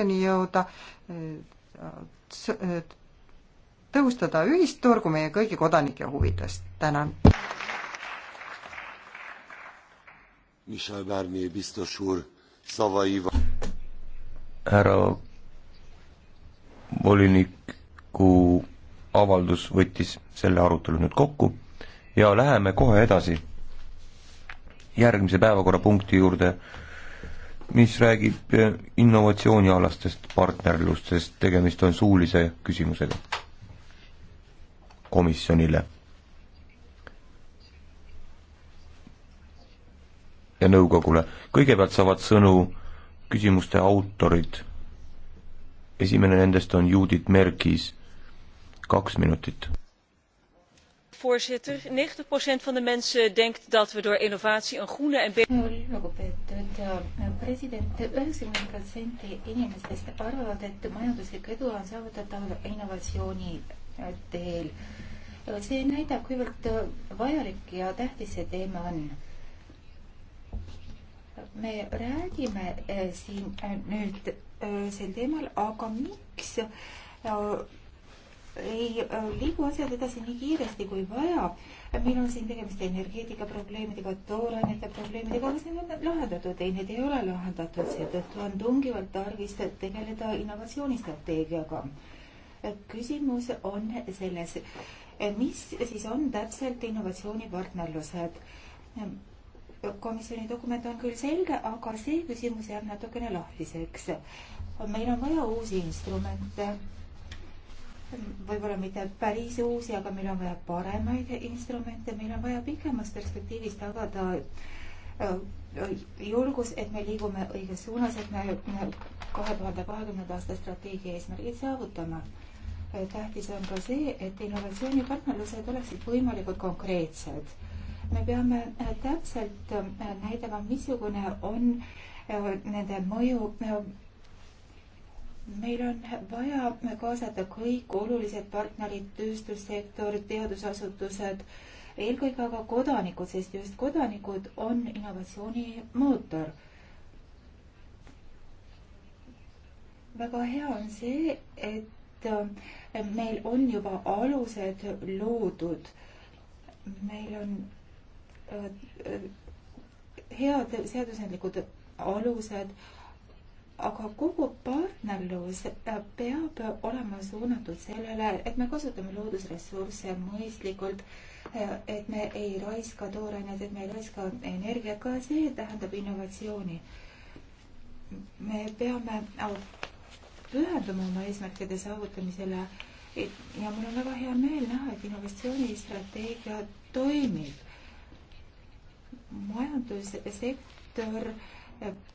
jõuda, äh, äh, tõhustada ühisturgu meie kõigi kodanike huvides. tänan. Michel Barnier biztos úr szavaival. Härra voliniku avaldus võttis selle arutelu nüüd kokku ja läheme kohe edasi järgmise päevakorrapunkti juurde mis räägib eh, innovatsioonialastest partnerlustest, tegemist on suulise küsimusega komisjonile. ja nõukogule. kõigepealt saavad sõnu küsimuste autorid. esimene nendest on Judith Merkis, kaks minutit voorzitter negentig procent van de mensen denkt dat we door innovatie een groene en betere. lugupeetud president, üheksakümmend protsenti inimestest arvavad, et majanduslik edu on saavutatav innovatsiooni teel. see näitab, kuivõrd vajalik ja tähtis see teema on me räägime uh, siin uh, nüüd uh, sel teemal, aga miks ei äh, liigu asjad edasi nii kiiresti kui vaja. meil on siin tegemist energeetikaprobleemidega, toorainete probleemidega, kas need on lahendatud? ei, need ei ole lahendatud, seetõttu on tungivalt tarvis tegeleda innovatsioonistrateegiaga. küsimus on selles, mis siis on täpselt innovatsioonipartnerlused? komisjoni dokument on küll selge, aga see küsimus jääb natukene lahtiseks. meil on vaja uusi instrumente võib-olla mitte päris uusi, aga meil on vaja paremaid instrumente, meil on vaja pikemas perspektiivis tagada äh, julgus, et me liigume õiges suunas, et me kahe tuhande kahekümnenda aasta strateegia eesmärgid saavutame. Äh, tähtis on ka see, et innovatsioonipartnerlused oleksid võimalikult konkreetsed. me peame äh, täpselt näitama, missugune on nende mõju meil on vaja kaasata kõik olulised partnerid, tööstussektor, teadusasutused, eelkõige aga kodanikud, sest just kodanikud on innovatsiooni mootor. väga hea on see, et eh, meil on juba alused loodud. meil on eh, eh, head seadusandlikud alused aga kogu partnerlus peab olema suunatud sellele, et me kasutame loodusressursse mõistlikult, et me ei raiska toorainet, et me ei raiska energiat, ka see tähendab innovatsiooni. me peame pühenduma oma eesmärkide saavutamisele ja mul on väga hea meel näha, et innovatsioonistrateegia toimib. majandussektor,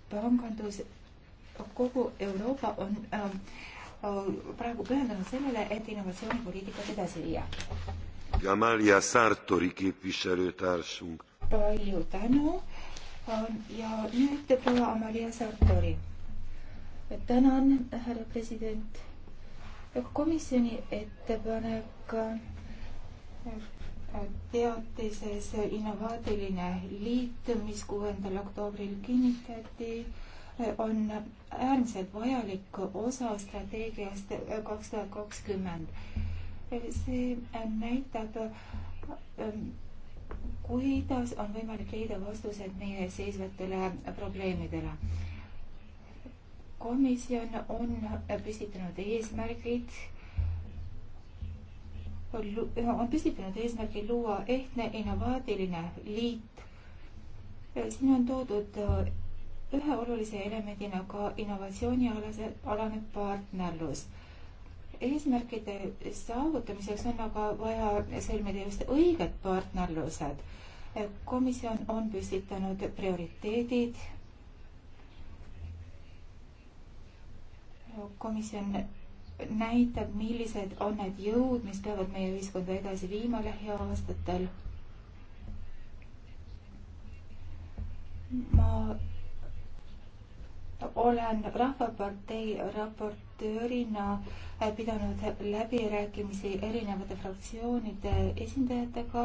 pangandus kogu Euroopa on ähm, äh, praegu pühendunud sellele, et innovatsioonipoliitikat edasi viia. Amalia Sartori képviselőtársunk. Palju tänu ähm, ja nüüd proua Amalia Sartori. tänan, härra president. komisjoni ettepanek äh, teatises Innovaatiline Liit, mis kuuendal oktoobril kinnitati on äärmiselt vajalik osa strateegiast kaks tuhat kakskümmend. see näitab, ähm, kuidas on võimalik leida vastused meie seisvatele probleemidele. komisjon on püstitanud eesmärgid on püstitanud eesmärgi luua ehtne innovaatiline liit. siin on toodud äh, ühe olulise elemendina nagu ka innovatsioonialase, alane partnerlus. eesmärkide saavutamiseks on aga vaja sõlmida just õiged partnerlused. komisjon on püstitanud prioriteedid. komisjon näitab, millised on need jõud, mis peavad meie ühiskonda edasi viima lähiaastatel. ma olen Rahvapartei raportöörina äh, pidanud läbirääkimisi erinevate fraktsioonide esindajatega.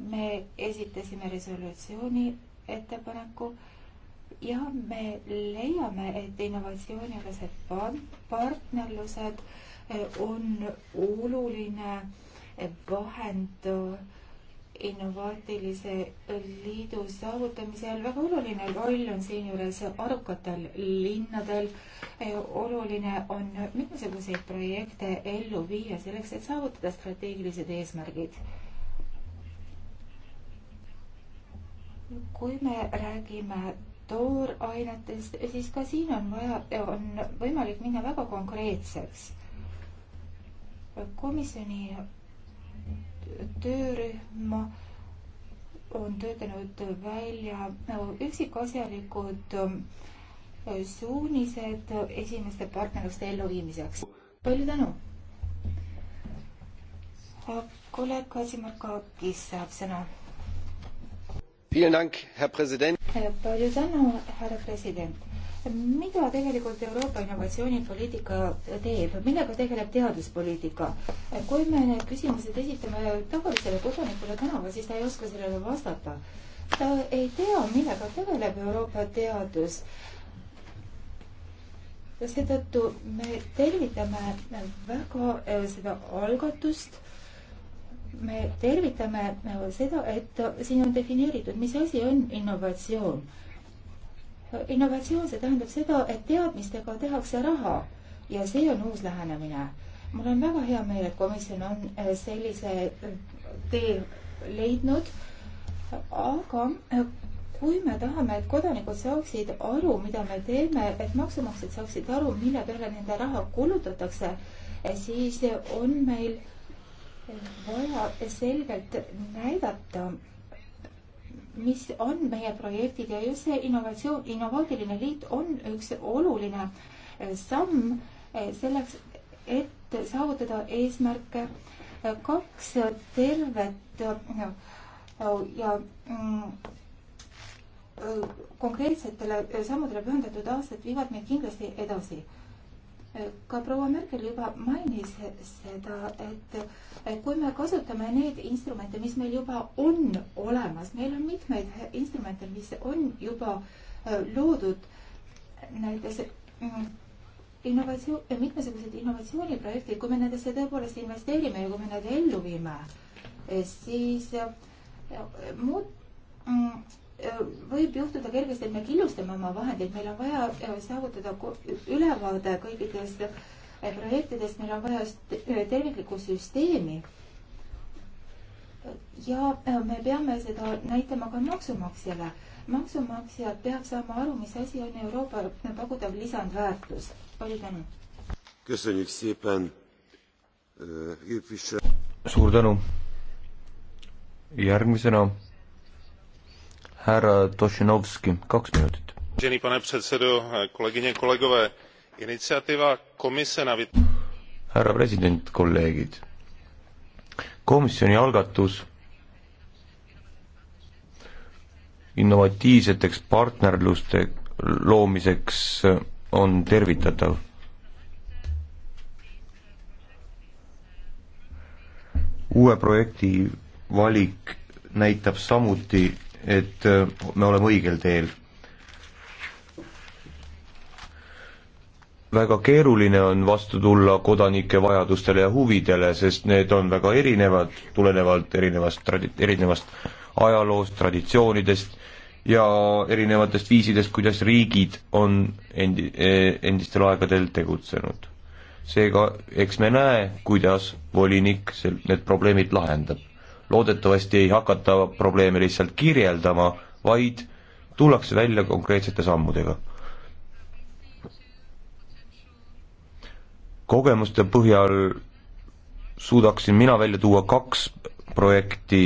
me esitasime resolutsiooni ettepaneku ja me leiame, et innovatsioonialased partnerlused äh, on oluline vahend innovaatilise liidu saavutamisel väga oluline roll on siinjuures arukatel linnadel. Äh, oluline on mitmesuguseid projekte ellu viia selleks, et saavutada strateegilised eesmärgid. kui me räägime toorainetest, siis ka siin on vaja, on võimalik minna väga konkreetseks. komisjoni töörühma on töötanud välja üksikasjalikud äh, suunised esimeste partnerluste elluviimiseks. palju tänu! Äh, kolleeg Kazimarkakis saab sõna. Äh, palju tänu, härra president! mida tegelikult Euroopa innovatsioonipoliitika teeb, millega tegeleb teaduspoliitika? kui me need küsimused esitame tavalisele kodanikule tänaval, siis ta ei oska sellele vastata. ta ei tea, millega tegeleb Euroopa teadus. ja seetõttu me tervitame väga äh, seda algatust me tervitame äh, seda, et äh, siin on defineeritud, mis asi on innovatsioon innovatsioon, see tähendab seda, et teadmistega tehakse raha ja see on uus lähenemine. mul on väga hea meel, et komisjon on äh, sellise äh, tee leidnud, aga äh, kui me tahame, et kodanikud saaksid aru, mida me teeme, et maksumaksjad saaksid aru, mille peale nende raha kulutatakse, siis on meil vaja selgelt näidata mis on meie projektid ja just see innovatsioon, innovaatiline liit on üks oluline eh, samm eh, selleks, et saavutada eesmärke eh, kaks tervet ja, ja mm, konkreetsetele sammudele pühendatud aastat viivad meid kindlasti edasi ka proua Merkel juba mainis seda, et kui me kasutame neid instrumente, mis meil juba on olemas, meil on mitmeid instrumente, mis on juba äh, loodud, näiteks mm, innovatsioon, äh, mitmesugused innovatsiooniprojektid, kui me nendesse tõepoolest investeerime ja kui me need ellu viime, siis äh, muud mm, Äh, võib juhtuda kergesti, et me killustame oma vahendeid, meil on vaja äh, saavutada ülevaade kõikidest äh, projektidest, meil on vaja terviklikku süsteemi. ja me peame seda näitama ka maksumaksjale. maksumaksjad peab saama aru, mis asi on Euroopa pakutav lisandväärtus. palju tänu. suur tänu. järgmisena härra Tošinovski, kaks minutit. Vážený pane předsedo, kolegyně, kolegové, initsiatiiva komise na härra president, kolleegid. komisjoni algatus innovatiivseteks partnerluste loomiseks on tervitatav. uue projekti valik näitab samuti et äh, me oleme õigel teel. väga keeruline on vastu tulla kodanike vajadustele ja huvidele, sest need on väga erinevad, tulenevalt erinevast tradi-, erinevast ajaloost, traditsioonidest ja erinevatest viisidest, kuidas riigid on endi-, e, endistel aegadel tegutsenud. seega eks me näe, kuidas volinik sel-, need probleemid lahendab loodetavasti ei hakata probleeme lihtsalt kirjeldama, vaid tullakse välja konkreetsete sammudega. kogemuste põhjal suudaksin mina välja tuua kaks projekti,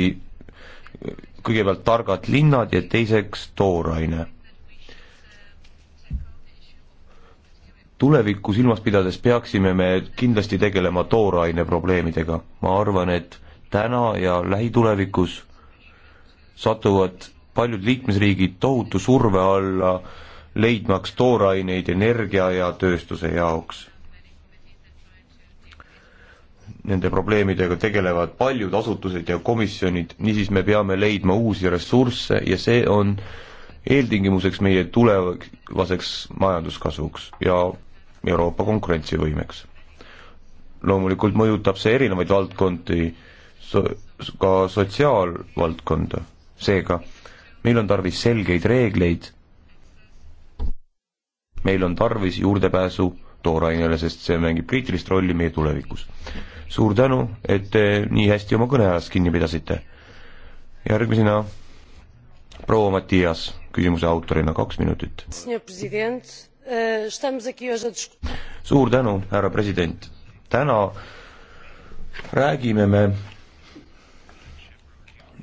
kõigepealt Targad linnad ja teiseks Tooraine. tulevikku silmas pidades peaksime me kindlasti tegelema tooraine probleemidega, ma arvan, et täna ja lähitulevikus satuvad paljud liikmesriigid tohutu surve alla, leidmaks tooraineid energia ja tööstuse jaoks. Nende probleemidega tegelevad paljud asutused ja komisjonid, niisiis me peame leidma uusi ressursse ja see on eeltingimuseks meie tulevaseks majanduskasvuks ja Euroopa konkurentsivõimeks. loomulikult mõjutab see erinevaid valdkondi, so-, ka sotsiaalvaldkonda. seega meil on tarvis selgeid reegleid, meil on tarvis juurdepääsu toorainele, sest see mängib kriitilist rolli meie tulevikus. suur tänu, et te nii hästi oma kõneajast kinni pidasite. järgmisena proua Matias, küsimuse autorina kaks minutit. Eh, suur tänu, härra president. täna räägime me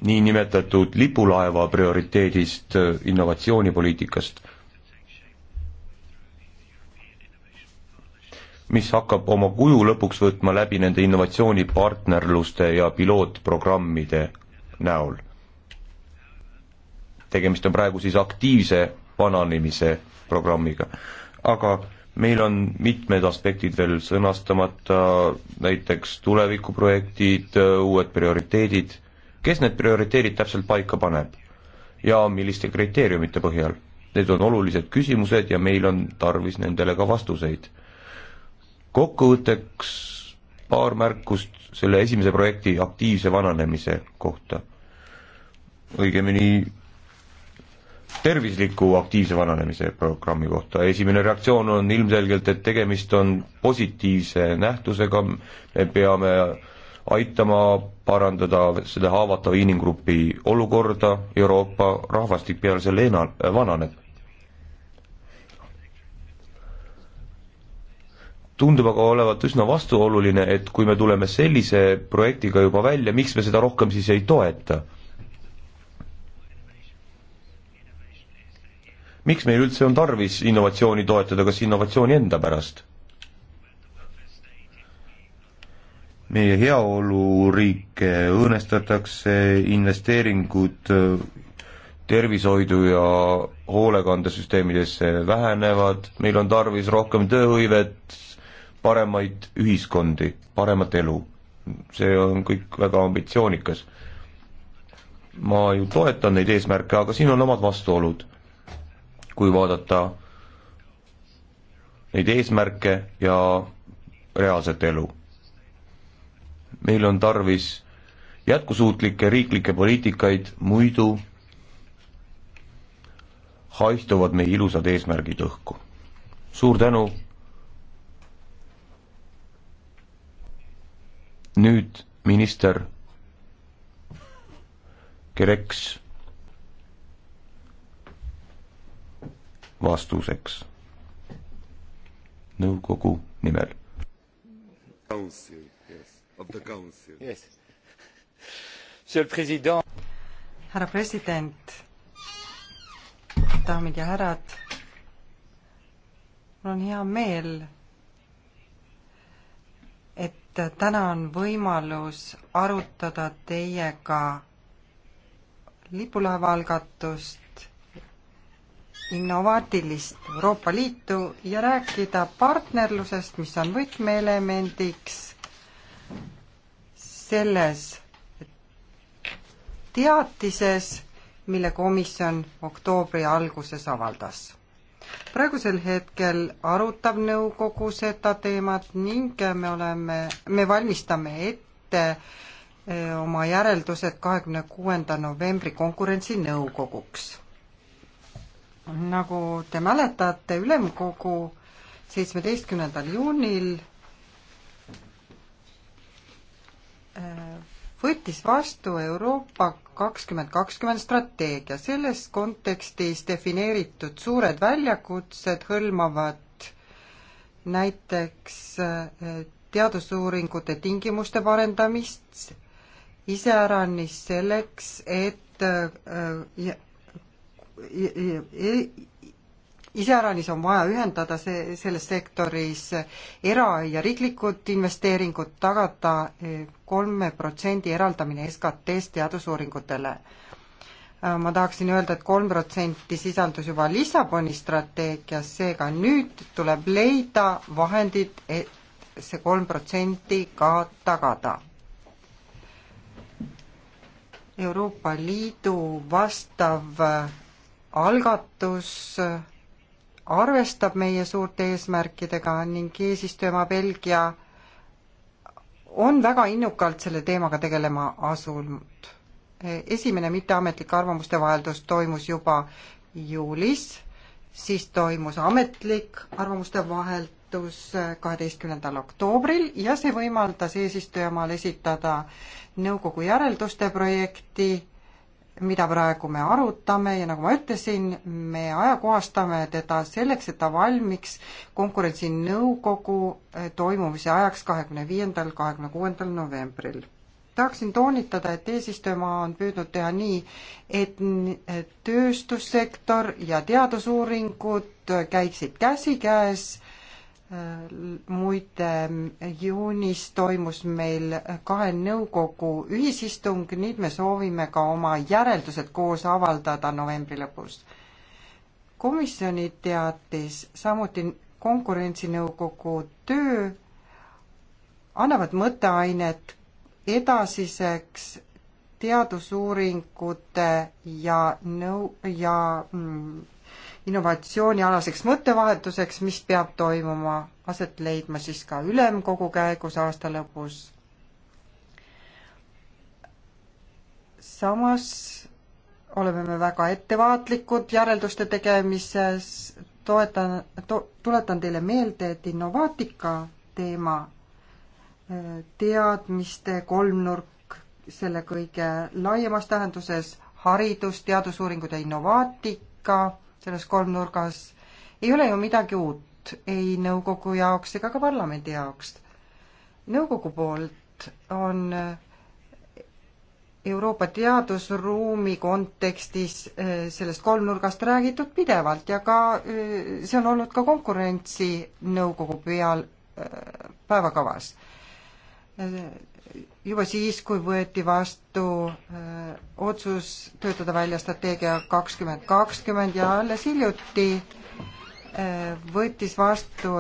niinimetatud lipulaeva prioriteedist, äh, innovatsioonipoliitikast, mis hakkab oma kuju lõpuks võtma läbi nende innovatsioonipartnerluste ja pilootprogrammide näol. tegemist on praegu siis aktiivse vananemise programmiga, aga meil on mitmed aspektid veel sõnastamata, näiteks tulevikuprojektid, äh, uued prioriteedid kes need prioriteedid täpselt paika paneb ja milliste kriteeriumite põhjal? Need on olulised küsimused ja meil on tarvis nendele ka vastuseid. kokkuvõtteks paar märkust selle esimese projekti aktiivse vananemise kohta. õigemini tervisliku aktiivse vananemise programmi kohta, esimene reaktsioon on ilmselgelt, et tegemist on positiivse nähtusega, me peame aitama parandada seda haavatava inimgrupi olukorda, Euroopa rahvastik peale selle ena-, vananeb. tundub aga olevat üsna vastuoluline, et kui me tuleme sellise projektiga juba välja, miks me seda rohkem siis ei toeta miks meil üldse on tarvis innovatsiooni toetada, kas innovatsiooni enda pärast? meie heaoluriike õõnestatakse, investeeringud äh, tervishoidu ja hoolekandesüsteemidesse vähenevad, meil on tarvis rohkem tööhõivet, paremaid ühiskondi, paremat elu. see on kõik väga ambitsioonikas. ma ju toetan neid eesmärke, aga siin on omad vastuolud. kui vaadata neid eesmärke ja reaalset elu meil on tarvis jätkusuutlikke riiklikke poliitikaid, muidu haihtuvad meie ilusad eesmärgid õhku. suur tänu. nüüd minister Kereks vastuseks nõukogu nimel. Council. Yes. härra president, daamid ja härrad, mul on hea meel, et täna on võimalus arutada teiega lipulaeva algatust, innovaatilist Euroopa Liitu ja rääkida partnerlusest, mis on võtmeelemendiks selles teatises, mille komisjon oktoobri alguses avaldas. praegusel hetkel arutab nõukogu seda teemat ning me oleme, me valmistame ette eh, oma järeldused kahekümne kuuenda novembri konkurentsinõukoguks. nagu te mäletate, ülemkogu seitsmeteistkümnendal juunil võttis vastu Euroopa kakskümmend kakskümmend strateegia. selles kontekstis defineeritud suured väljakutsed hõlmavad näiteks äh, teadusuuringute tingimuste parendamist, iseäranis selleks, et äh, iseäranis on vaja ühendada see, selles sektoris era- ja riiklikud investeeringud, tagada äh, kolme protsendi eraldamine SKT-st teadusuuringutele. Äh, ma tahaksin öelda et, et kolm protsenti sisaldus juba Lissaboni strateegias, seega nüüd tuleb leida vahendid, et see kolm protsenti ka tagada. Euroopa Liidu vastav äh, algatus äh, arvestab meie suurte eesmärkidega ning eesistujamaa Belgia on väga innukalt selle teemaga tegelema asunud. esimene mitteametlik arvamuste vaheldus toimus juba juulis, siis toimus ametlik arvamuste vaheldus kaheteistkümnendal oktoobril ja see võimaldas eesistujamaal esitada nõukogu järelduste projekti mida praegu me arutame ja nagu ma ütlesin, me ajakohastame teda selleks, et ta valmiks konkurentsinõukogu eh, toimumise ajaks kahekümne viiendal, kahekümne kuuendal novembril. tahaksin toonitada, et eesistujamaa on püüdnud teha nii, et tööstussektor ja teadusuuringud käiksid käsikäes Äh, muide, juunis toimus meil kahe nõukogu ühisistung, nüüd me soovime ka oma järeldused koos avaldada novembri lõpus. komisjoni teatis samuti konkurentsinõukogu töö annavad mõtteainet edasiseks teadusuuringute ja nõu- ja mm, innovatsioonialaseks mõttevahetuseks, mis peab toimuma, aset leidma siis ka ülemkogu käigus aasta lõpus. samas oleme me väga ettevaatlikud järelduste tegemises, toetan to,, tuletan teile meelde, et Innovaatika teema, äh, teadmiste kolmnurk selle kõige laiemas tähenduses, haridus, teadusuuringud ja innovaatika selles kolmnurgas ei ole ju midagi uut ei nõukogu jaoks ega ka parlamendi jaoks. nõukogu poolt on Euroopa teadusruumi kontekstis eh, sellest kolmnurgast räägitud pidevalt ja ka eh, see on olnud ka konkurentsinõukogu peal eh, päevakavas juba siis, kui võeti vastu öö, äh, otsus töötada välja strateegia kakskümmend kakskümmend ja alles hiljuti öö, äh, võttis vastu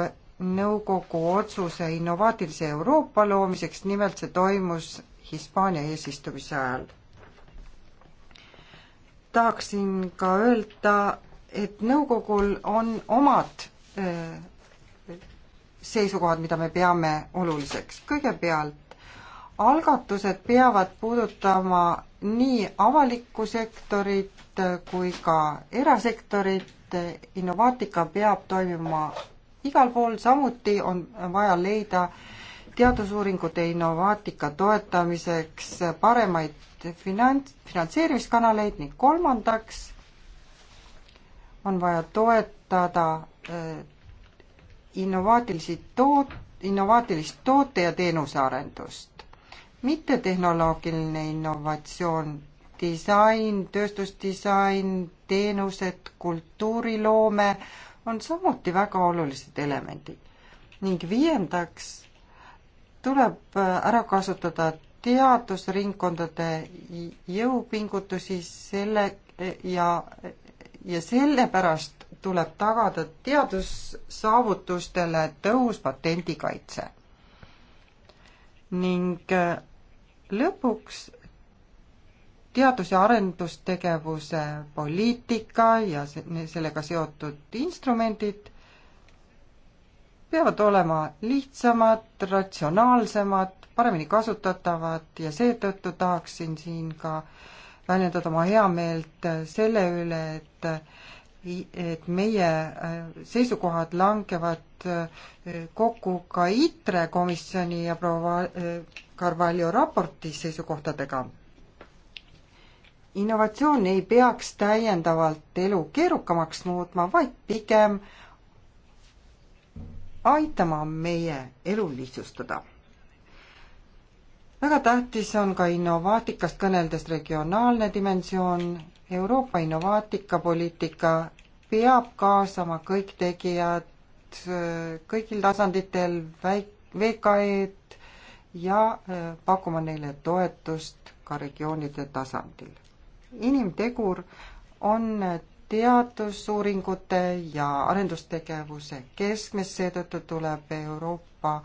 nõukogu otsuse innovaatilise Euroopa loomiseks, nimelt see toimus Hispaania eesistumise ajal. tahaksin ka öelda, et nõukogul on omad öö, äh, seisukohad, mida me peame oluliseks. kõigepealt algatused peavad puudutama nii avalikku sektorit kui ka erasektorit, Innovaatika peab toimima igal pool, samuti on vaja leida teadusuuringute Innovaatika toetamiseks paremaid finants, finantseerimiskanaleid ning kolmandaks on vaja toetada eh, innovaatilisi toot-, innovaatilist toote ja teenuse arendust mittetehnoloogiline innovatsioon, disain, tööstusdisain, teenused, kultuuriloome on samuti väga olulised elemendid. ning viiendaks tuleb ära kasutada teadusringkondade jõupingutusi selle ja, ja sellepärast tuleb tagada teadussaavutustele tõhus patendikaitse. ning lõpuks teadus- ja arendustegevuse poliitika ja sellega seotud instrumendid peavad olema lihtsamad, ratsionaalsemad, paremini kasutatavad ja seetõttu tahaksin siin ka väljendada oma heameelt selle üle, et et meie äh, seisukohad langevad äh, kokku ka ITRE komisjoni ja proua äh, Carvalho raporti seisukohtadega. innovatsioon ei peaks täiendavalt elu keerukamaks muutma, vaid pigem aitama meie elu lihtsustada väga tähtis on ka innovaatikast kõneldes regionaalne dimensioon. Euroopa innovaatikapoliitika peab kaasama kõik tegijad kõigil tasanditel, VKE-d ja äh, pakkuma neile toetust ka regioonide tasandil. inimtegur on teadusuuringute ja arendustegevuse keskmes, seetõttu tuleb Euroopa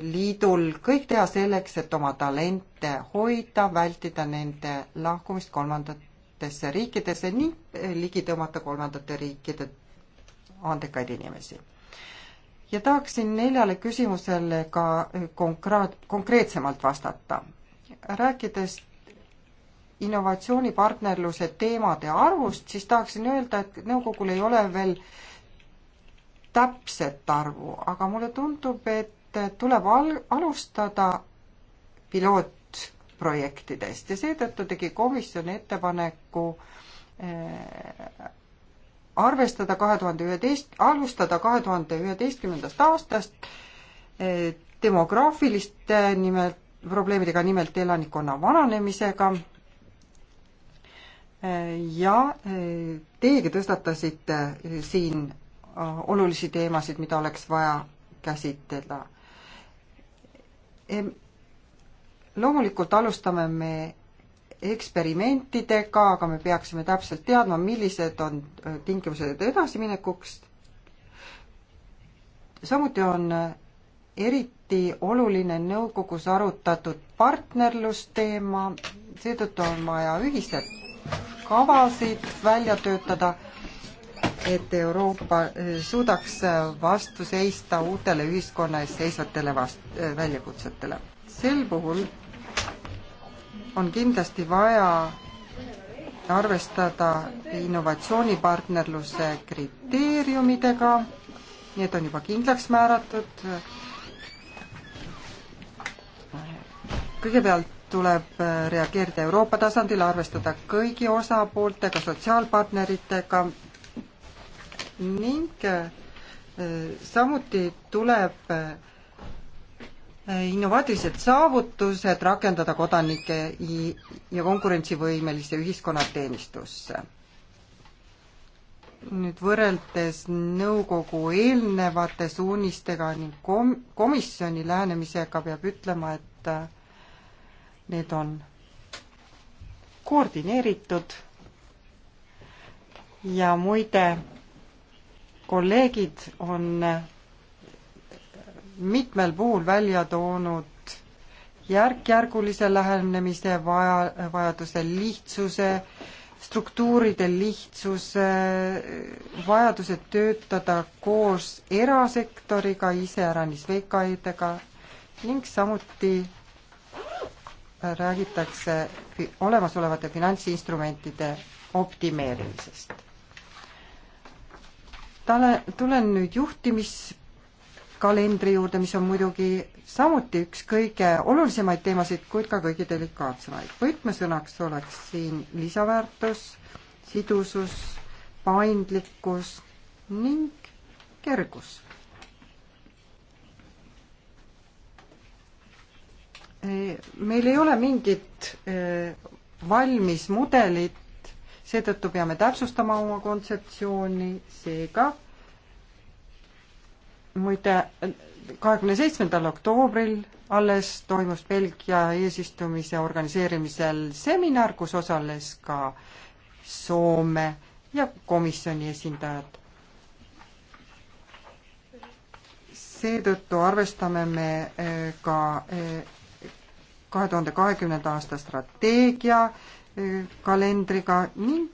liidul kõik teha selleks, et oma talente hoida, vältida nende lahkumist kolmandatesse riikidesse ning eh, ligi tõmmata kolmandate riikide andekaid inimesi. ja tahaksin neljale küsimusele ka eh, konkreet-, konkreetsemalt vastata. rääkides innovatsioonipartnerluse teemade arvust, siis tahaksin öelda, et nõukogul ei ole veel täpset arvu, aga mulle tundub, et et tuleb al-, alustada pilootprojektidest ja seetõttu tegi komisjon ettepaneku äh, arvestada kahe tuhande üheteist, alustada kahe tuhande üheteistkümnendast aastast äh, demograafiliste äh, nimelt, probleemidega, nimelt elanikkonna vananemisega eh, ja teiegi tõstatasite siin olulisi teemasid, mida oleks vaja käsitleda loomulikult alustame me eksperimentidega, aga me peaksime täpselt teadma, millised on äh, tingimused edasiminekuks. samuti on äh, eriti oluline nõukogus arutatud partnerlusteema, seetõttu on vaja ühised kavasid välja töötada et Euroopa eh, suudaks eh, vastu seista uutele ühiskonna ees seisvatele vast-, eh, väljakutsetele. sel puhul on kindlasti vaja arvestada innovatsioonipartnerluse kriteeriumidega, need on juba kindlaks määratud, kõigepealt tuleb reageerida Euroopa tasandil, arvestada kõigi osapooltega, sotsiaalpartneritega, ning äh, samuti tuleb äh, innovaatilised saavutused rakendada kodanike ja konkurentsivõimelise ühiskonna teenistusse. nüüd võrreldes nõukogu eelnevate suunistega ning kom-, komisjoni lähenemisega peab ütlema, et äh, need on koordineeritud ja muide kolleegid on mitmel puhul välja toonud järk-järgulise lähenemise vaja, vajaduse lihtsuse, struktuuride lihtsuse, vajaduse töötada koos erasektoriga, iseäranis VKI-dega ning samuti räägitakse olemasolevate finantsinstrumentide optimeerimisest tale, tulen nüüd juhtimiskalendri juurde, mis on muidugi samuti üks kõige olulisemaid teemasid, kuid ka kõige delikaatsemaid. võtmesõnaks oleks siin lisaväärtus, sidusus, paindlikkus ning kergus. meil ei ole mingit eh, valmis mudelit, seetõttu peame täpsustama oma kontseptsiooni, seega muide, kahekümne seitsmendal oktoobril alles toimus Belgia eesistumise organiseerimisel seminar, kus osales ka Soome ja komisjoni esindajad. seetõttu arvestame me eh, ka eh, kahe tuhande kahekümnenda aasta strateegia kalendriga ning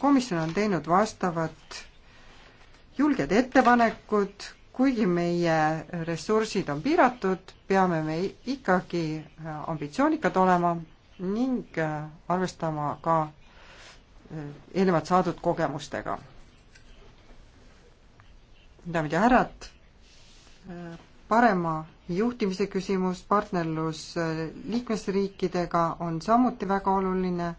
komisjon on teinud vastavad julged ettepanekud, kuigi meie ressursid on piiratud, peame me ikkagi äh, ambitsioonikad olema ning äh, arvestama ka äh, eelnevalt saadud kogemustega. daamid ja härrad, parema juhtimise küsimus, partnerlus äh, liikmesriikidega on samuti väga oluline.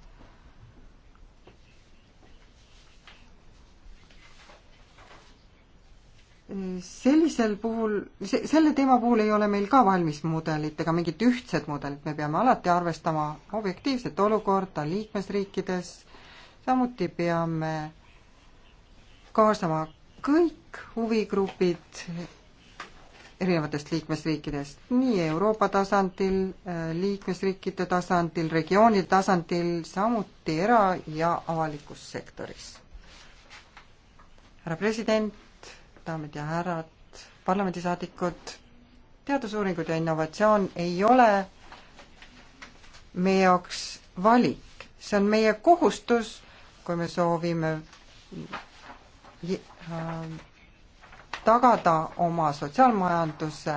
sellisel puhul, selle teema puhul ei ole meil ka valmis mudelit ega mingit ühtset mudelit, me peame alati arvestama objektiivset olukorda liikmesriikides, samuti peame kaasama kõik huvigrupid erinevatest liikmesriikidest, nii Euroopa tasandil, äh, liikmesriikide tasandil, regiooni tasandil, samuti era- ja avalikus sektoris. härra president, daamid ja härrad, parlamendisaadikud, teadusuuringud ja innovatsioon ei ole meie jaoks valik, see on meie kohustus, kui me soovime äh, tagada oma sotsiaalmajanduse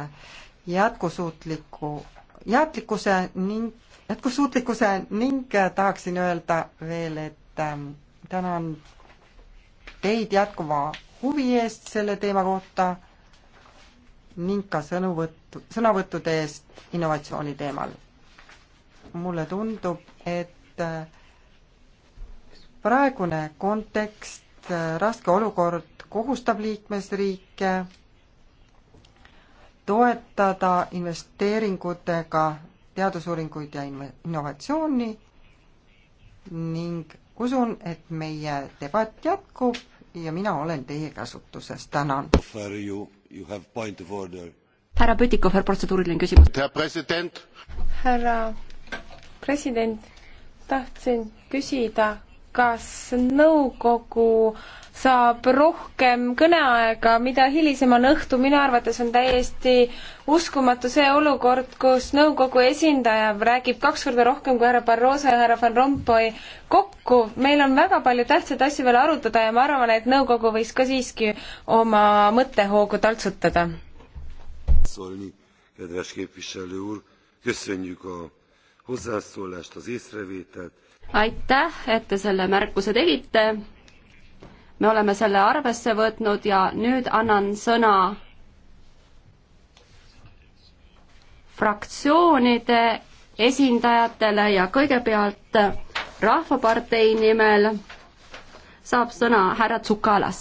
jätkusuutliku, jätlikkuse ning, jätkusuutlikkuse ning äh, tahaksin öelda veel, et ähm, tänan teid jätkuva huvi eest selle teema kohta ning ka sõnavõttu, sõnavõttude eest innovatsiooni teemal. mulle tundub, et äh, praegune kontekst, äh, raske olukord kohustab liikmesriike toetada investeeringutega teadusuuringuid ja innovatsiooni ning usun, et meie debatt jätkub ja mina olen teie käsutuses, tänan. härra Pütikofer, protseduuriline küsimus. härra president, tahtsin küsida kas nõukogu saab rohkem kõneaega, mida hilisem on õhtu, minu arvates on täiesti uskumatu see olukord, kus nõukogu esindaja räägib kaks korda rohkem kui härra Barroso ja härra Van Rompuy kokku. meil on väga palju tähtsaid asju veel arutada ja ma arvan, et nõukogu võiks ka siiski oma mõttehoogu taltsutada. köszönjük a hozzászólást, az észrevételt aitäh, et te selle märkuse tegite. me oleme selle arvesse võtnud ja nüüd annan sõna fraktsioonide esindajatele ja kõigepealt Rahvapartei nimel saab sõna härra Tsukalas.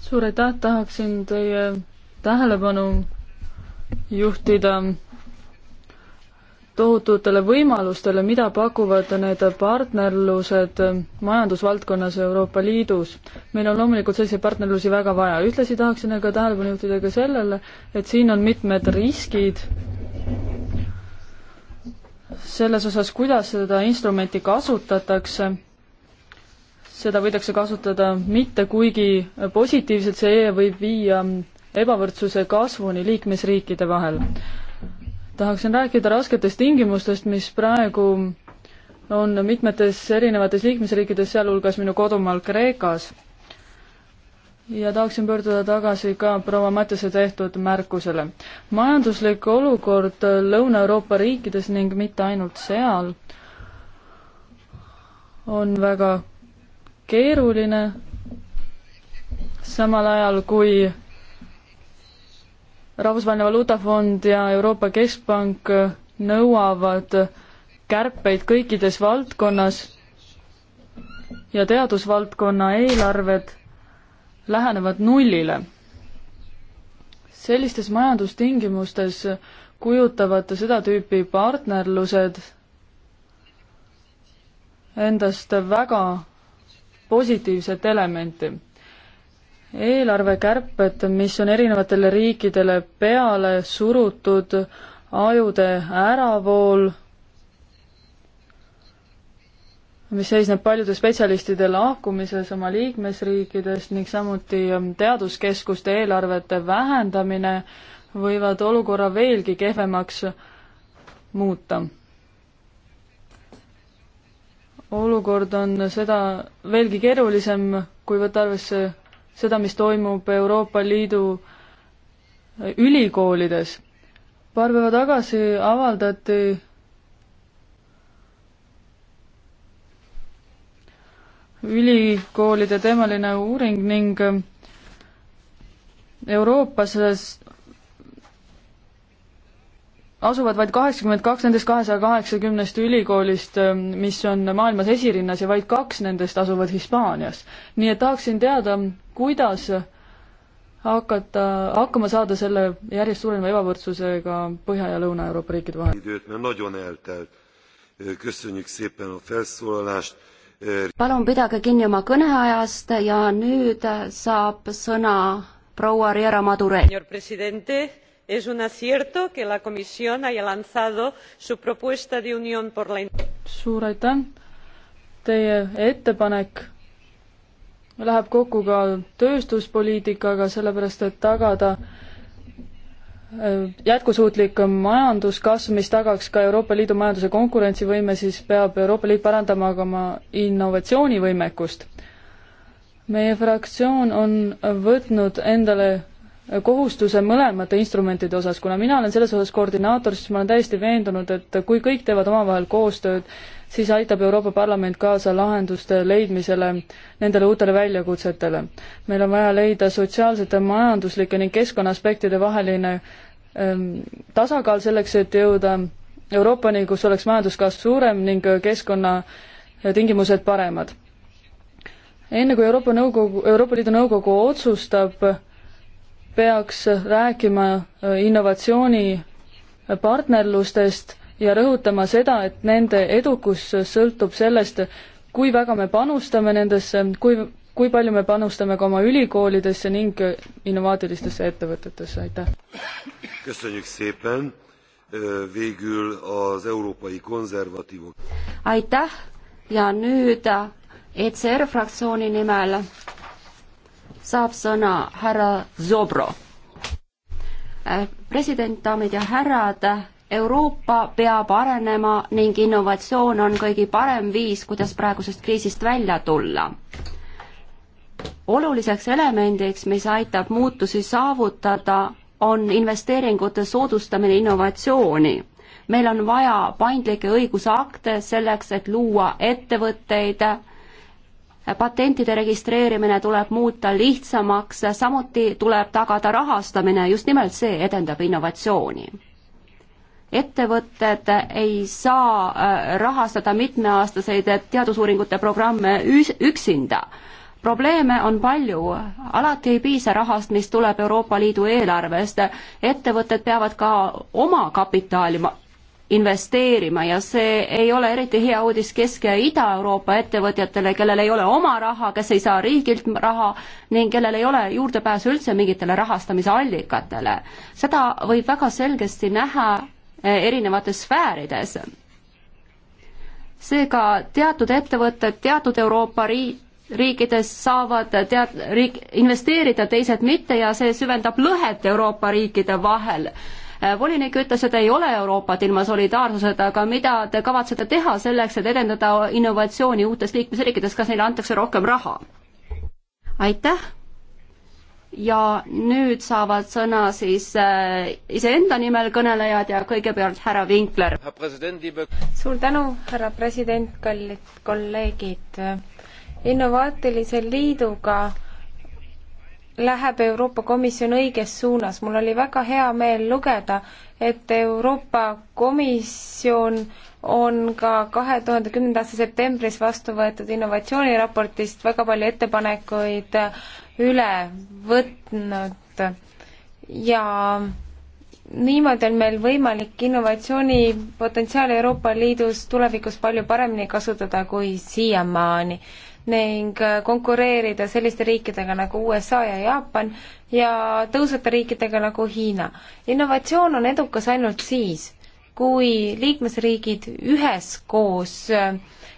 suur aitäh, tahaksin teie tähelepanu juhtida tohututele võimalustele, mida pakuvad need partnerlused majandusvaldkonnas Euroopa Liidus. meil on loomulikult selliseid partnerlusi väga vaja, ühtlasi tahaksin aga tähelepanu juhtida ka sellele, et siin on mitmed riskid selles osas, kuidas seda instrumenti kasutatakse, seda võidakse kasutada mitte kuigi positiivselt, see võib viia ebavõrdsuse kasvuni liikmesriikide vahel tahaksin rääkida rasketest tingimustest, mis praegu on mitmetes erinevates liikmesriikides, sealhulgas minu kodumaal Kreekas. ja tahaksin pöörduda tagasi ka proua Mattiase tehtud märkusele. majanduslik olukord Lõuna-Euroopa riikides ning mitte ainult seal on väga keeruline, samal ajal kui rahvusvaheline Valuutafond ja Euroopa Keskpank nõuavad kärpeid kõikides valdkonnas ja teadusvaldkonna eelarved lähenevad nullile. sellistes majandustingimustes kujutavad seda tüüpi partnerlused endast väga positiivset elementi eelarvekärped, mis on erinevatele riikidele peale surutud, ajude äravool, mis seisneb paljude spetsialistide lahkumises oma liikmesriikidest ning samuti ähm, teaduskeskuste eelarvete vähendamine võivad olukorra veelgi kehvemaks muuta. olukord on seda veelgi keerulisem, kui võtta arvesse seda, mis toimub Euroopa Liidu ülikoolides. paar päeva tagasi avaldati ülikoolide teemaline uuring ning Euroopas asuvad vaid kaheksakümmend kaks nendest kahesaja kaheksakümnest ülikoolist, ähm, mis on maailmas esirinnas ja vaid kaks nendest asuvad Hispaanias. nii et tahaksin teada, kuidas hakata, hakkama saada selle järjest suureneva ebavõrdsusega Põhja- ja Lõuna-Euroopa riikide vahel? palun pidage kinni oma kõneajast ja nüüd saab sõna proua Riera Madure es un acierto que la comisión haya lanzado su propuesta de unión por la suur aitäh, teie ettepanek läheb kokku ka tööstuspoliitikaga, sellepärast et tagada äh, jätkusuutlik majanduskasv, mis tagaks ka Euroopa Liidu majanduse konkurentsivõime, siis peab Euroopa Liit parandama ka oma innovatsioonivõimekust. meie fraktsioon on võtnud endale kohustuse mõlemate instrumentide osas, kuna mina olen selles osas koordinaator, siis ma olen täiesti veendunud, et kui kõik teevad omavahel koostööd, siis aitab Euroopa Parlament kaasa lahenduste leidmisele nendele uutele väljakutsetele. meil on vaja leida sotsiaalsete, majanduslike ning keskkonnaaspektide vaheline ähm, tasakaal selleks, et jõuda Euroopani, kus oleks majanduskasv suurem ning keskkonnatingimused äh, paremad. enne kui Euroopa Nõukogu, Euroopa Liidu Nõukogu otsustab peaks rääkima äh, innovatsioonipartnerlustest ja rõhutama seda, et nende edukus sõltub sellest, kui väga me panustame nendesse, kui, kui palju me panustame ka oma ülikoolidesse ning innovaatilistesse ettevõtetesse, aitäh! aitäh ja nüüd äh, ECR fraktsiooni nimel saab sõna härra Zobro. Äh, president, daamid ja härrad, Euroopa peab arenema ning innovatsioon on kõigi parem viis, kuidas praegusest kriisist välja tulla. oluliseks elemendiks, mis aitab muutusi saavutada, on investeeringute soodustamine innovatsiooni. meil on vaja paindlikke õigusakte selleks, et luua ettevõtteid, patentide registreerimine tuleb muuta lihtsamaks, samuti tuleb tagada rahastamine, just nimelt see edendab innovatsiooni. ettevõtted ei saa äh, rahastada mitmeaastaseid teadusuuringute programme üksinda. probleeme on palju, alati ei piisa rahast, mis tuleb Euroopa Liidu eelarvest, ettevõtted peavad ka oma kapitaali investeerima ja see ei ole eriti hea uudis Kesk- ja Ida-Euroopa ettevõtjatele, kellel ei ole oma raha, kes ei saa riigilt raha ning kellel ei ole juurdepääsu üldse mingitele rahastamisallikatele. seda võib väga selgesti näha eh, erinevates sfäärides. seega teatud ettevõtted, teatud Euroopa riik, riikides saavad tead-, riik, investeerida, teised mitte ja see süvendab lõhet Euroopa riikide vahel Eh, volinik ütles, et ei ole Euroopat ilma solidaarsuseta, aga mida te kavatsete teha selleks, et edendada innovatsiooni uutes liikmesriikides, kas neile antakse rohkem raha? aitäh! ja nüüd saavad sõna siis äh, iseenda nimel kõnelejad ja kõigepealt härra Vinkler. suur tänu, härra president, kallid kolleegid! innovaatilise liiduga äh, läheb Euroopa Komisjon õiges suunas. mul oli väga hea meel lugeda, et Euroopa Komisjon on ka kahe tuhande kümnenda aasta septembris vastu võetud innovatsiooniraportist väga palju ettepanekuid üle võtnud ja niimoodi on meil võimalik innovatsioonipotentsiaali Euroopa Liidus tulevikus palju paremini kasutada kui siiamaani ning äh, konkureerida selliste riikidega nagu USA ja Jaapan ja tõusvate riikidega nagu Hiina. innovatsioon on edukas ainult siis, kui liikmesriigid üheskoos äh,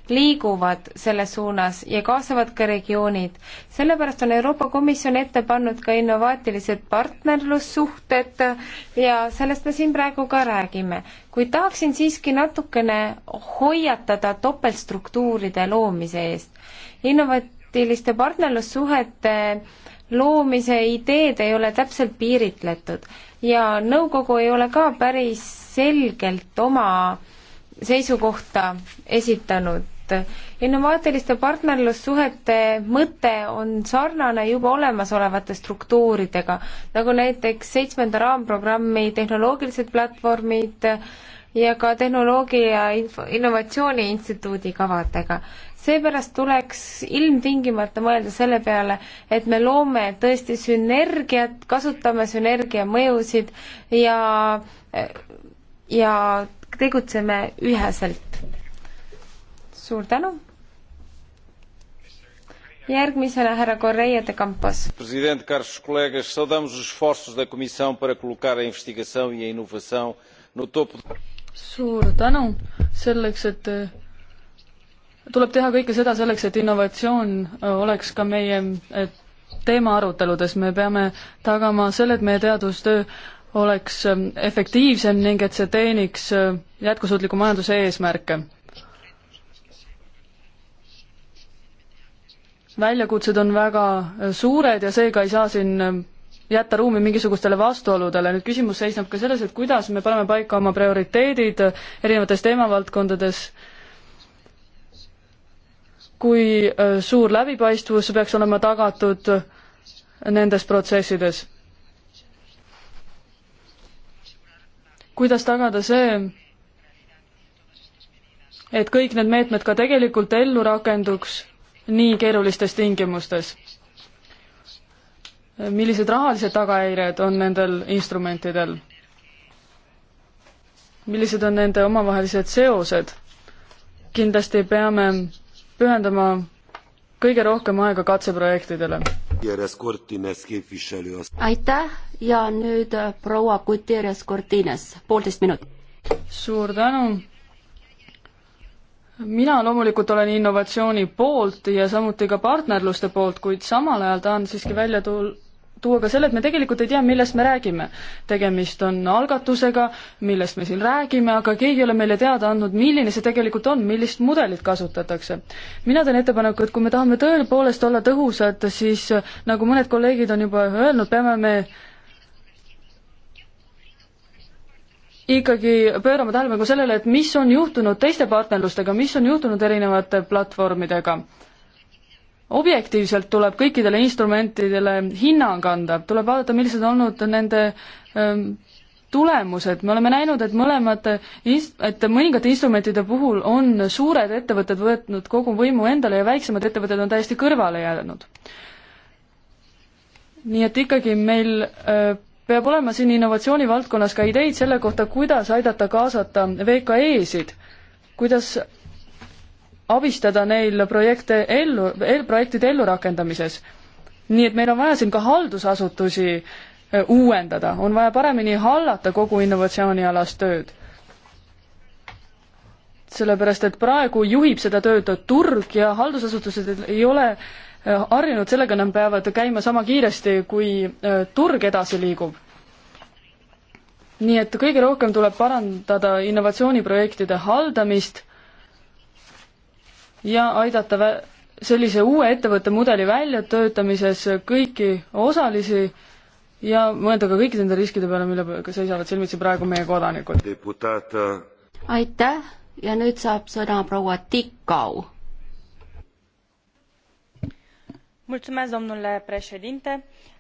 liiguvad selles suunas ja kaasavad ka regioonid. sellepärast on Euroopa Komisjon ette pannud ka innovaatilised partnerlussuhted ja sellest me siin praegu ka räägime. kuid tahaksin siiski natukene hoiatada topeltstruktuuride loomise eest. innovaatiliste partnerlussuhete loomise ideed ei ole täpselt piiritletud ja nõukogu ei ole ka päris selgelt oma seisukohta esitanud innovaatiliste partnerlussuhete mõte on sarnane juba olemasolevate struktuuridega, nagu näiteks seitsmenda raamprogrammi tehnoloogilised platvormid ja ka tehnoloogia info, innovatsiooni instituudi kavadega. seepärast tuleks ilmtingimata mõelda selle peale, et me loome tõesti sünergiat, kasutame sünergia mõjusid ja, ja tegutseme üheselt suur tänu. järgmisena härra Correia de Campos. president, caros colegas, saudamos os esforços da comissão para colocar a investigação e a inovação no topo. suur tänu selleks, et eh, tuleb teha kõike seda selleks, et innovatsioon eh, oleks ka meie eh, teemaaruteludes, me peame tagama selle, et meie teadustöö oleks efektiivsem ning et see teeniks jätkusuutliku majanduse eesmärke. väljakutsed on väga äh, suured ja seega ei saa siin äh, jätta ruumi mingisugustele vastuoludele, nüüd küsimus seisneb ka selles, et kuidas me paneme paika oma prioriteedid äh, erinevates teemavaldkondades, kui suur läbipaistvus peaks olema tagatud nendes protsessides? kuidas tagada see, et kõik need meetmed ka tegelikult ellu rakenduks nii keerulistes tingimustes. millised rahalised tagajärjed on nendel instrumentidel? millised on nende omavahelised seosed? kindlasti peame pühendama kõige rohkem aega katseprojektidele. aitäh ja nüüd proua Gutierrez Cortines, poolteist minutit. suur tänu mina loomulikult olen innovatsiooni poolt ja samuti ka partnerluste poolt, kuid samal ajal tahan siiski välja tuul-, tuua ka selle, et me tegelikult ei tea, millest me räägime. tegemist on algatusega, millest me siin räägime, aga keegi ei ole meile teada andnud, milline see tegelikult on, millist mudelit kasutatakse. mina teen ettepaneku, et kui me tahame tõepoolest olla tõhusad, siis nagu mõned kolleegid on juba öelnud, peame me ikkagi pöörama tähelepanu sellele, et mis on juhtunud teiste partnerlustega, mis on juhtunud erinevate platvormidega. objektiivselt tuleb kõikidele instrumentidele hinnang anda, tuleb vaadata, millised on olnud nende ähm, tulemused, me oleme näinud, et mõlemad, et mõningate instrumentide puhul on suured ettevõtted võtnud kogu võimu endale ja väiksemad ettevõtted on täiesti kõrvale jäänud. nii et ikkagi meil äh, peab olema siin innovatsiooni valdkonnas ka ideid selle kohta, kuidas aidata kaasata VKE-sid, kuidas abistada neil projekte ellu, projektide ellurakendamises. nii et meil on vaja siin ka haldusasutusi äh, uuendada, on vaja paremini hallata kogu innovatsioonialast tööd. sellepärast, et praegu juhib seda tööd turg ja haldusasutused ei ole Äh, harjunud sellega, nad peavad käima sama kiiresti, kui äh, turg edasi liigub. nii et kõige rohkem tuleb parandada innovatsiooniprojektide haldamist ja aidata vä-, sellise uue ettevõttemudeli väljatöötamises kõiki osalisi ja mõelda ka kõikide nende riskide peale, millega seisavad silmitsi praegu meie kodanikud. aitäh ja nüüd saab sõna proua Tikau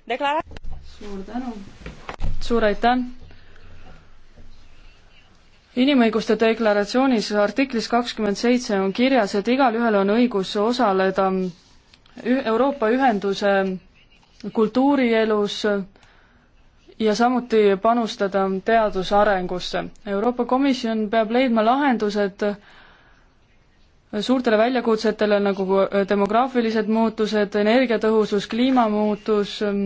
Deklara... suur tänu. suur aitäh. inimõiguste deklaratsioonis artiklis kakskümmend seitse on kirjas, et igalühel on õigus osaleda Euroopa Ühenduse kultuurielus ja samuti panustada teaduse arengusse. Euroopa Komisjon peab leidma lahendused suurtele väljakutsetele nagu äh, demograafilised muutused, energiatõhusus, kliimamuutus, ähm,